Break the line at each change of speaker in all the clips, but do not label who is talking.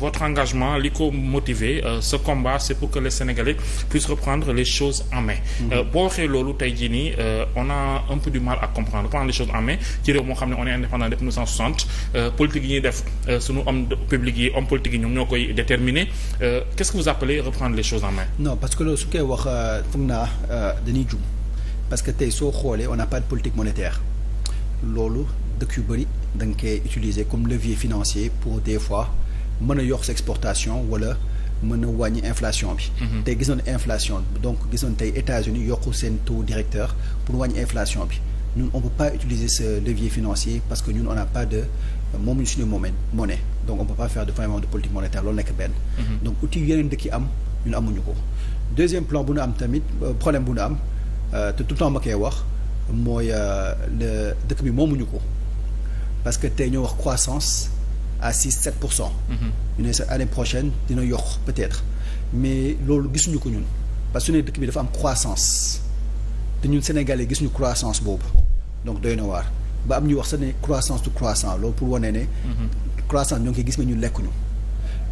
votre engagement li ko motiver euh, ce combat c'est pour que les Sénégalais puissent reprendre les choses en main. Mhm. Euh, boo waxee loolu tey jii nii euh, on a un peu du mal à comprendre prendre les choses en main ci réew moo xam ne on est indépendant depuis 1960 politique yi ñuy def sunu homme public yi homme politique yi ñoom ñoo koy déterminer qu'est-ce que vous appelez reprendre les choses en main.
non parce que loolu su koy wax foog naa dañuy jum parce que tey soo xoolee on n'a pas de politique monétaire loolu dëkk yu bëri da nga utiliser comme levier financier pour des fois. mën a yokk sa exportation wala mën a wàññi inflation bi. Mhm. tey gis nañu inflation donc gis nañu tey États-Unis yokk seen taux directeur pour wàññi inflation bi ñun on peut pas utiliser ce levier financier parce que ñun on n'a pas de moomuñu suñu moomee monnaie donc on peut pas faire de vraiment de politique monétaire loolu nekk benn. Mhm. donc outil yeneen dëkk am ñun amuñu ko. deuxième plan bu ñu am tamit euh, problème bu ñu am euh, te tout le temps ma koy wax mooy euh, dëkk bi moomuñu ko parce que tey ñoo wax croissance. à six sept pour cent. Mhm. ñu ne sax année prochaine dina yokk peut-être mais loolu gisuñu ko ñun parce que su ne dëkk bi dafa am croissance te ñun sénégalais gisuñu croissance boobu donc doy na waar ba am ñuy wax sax ne croissance du croissant loolu pour wane ne. Mhm. croissance ñoo ngi koy gis mais ñun lekkuñu.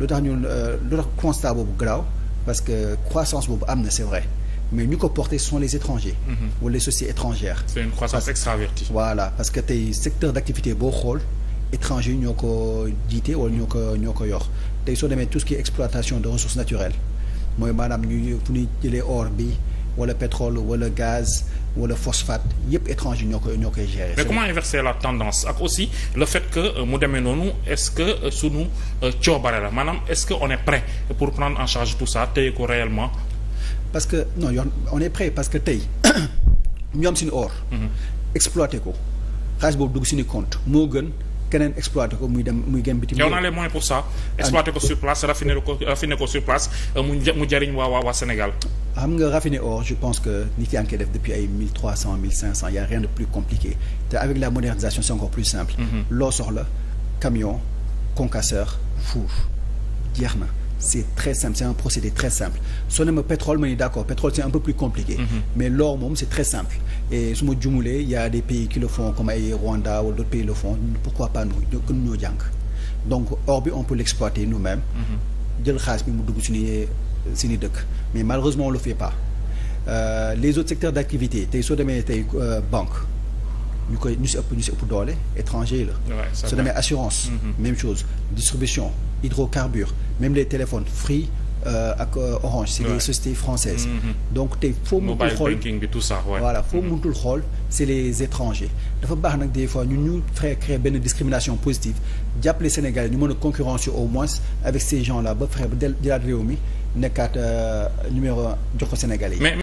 lu tax ñun euh, lu tax constat boobu garaaw parce que croissance boobu am na c'est vrai. mais ñu ko porté sont les étrangers. wala mhm. les sociétés étrangères.
c'est parce
que tey secteur d'activité étrangers ñoo ko jiite wala ñoo ko ñoo ko yor tey soo demee tout ce qui est exploitation de ressources naturelles mooy maanaam ñu fu ñuy jëlee or bi wala pétrole wala gaz wala phosphate yëpp étranger ñoo koy ñoo koy mais comment
inverser la tendance ak aussi le fait que euh, mu demee noonu est-ce que euh, sunu euh, coobare la maanaam est-ce que on est prêt pour prendre en charge tout ça téye ko réellement.
parce que non on est prêt parce que tey ñu am suñu or. Mm-hmm. keneen exploité ko muy dem muy gem bitim yow naa
les moyens pour ça exploité ko sur place raffiné ko sur place euh, mu jariñ waa waa waa Sénégal
xam nga raffiner or je pense que nit yaa ngi koy def depuis ay mille trois cent mille cinq cent y a rien de plus compliqué te avec la modernisation c'est encore plus simple mhm. loo soxla camion concasseur four jeex na c'est très simple c'est un procédé très simple soo ne pétrole ma ni d'accord pétrole c'est un peu plus compliqué mm-hmm. mais l'or moom c'est très simple et su ma jumulee y a des pays qui le font comme ay Rwanda wala d'autres pays le font pourquoi pas nous gën ñoo jàng donc or on peut l'exploiter nous-mêmes mm-hmm. jël xaalis bi mu dugg suñu suñu dëkk mais malheureusement on le fait pas euh, les autres secteurs d'activité tey soo demee euh, ñu koy ñu si ëpp ñu si ëpp doole étranger la su demee assurance mhm. même chose distribution hydrocarbures même les téléphones Free euh, ak euh, Orange c'est des sociétés françaises mhm. donc tey foo muntul xool banking bi tout ça voilà foo mhm. muntul xool c'est les étrangers dafa baax nag des fois ñun ñu fexe créer benn discrimination positive jàppale Sénégalais ñu mën a concurrence au moins avec ces gens là ba fexe ba del jëlaat réew mi nekkaat euh, numéro jox ko Sénégalais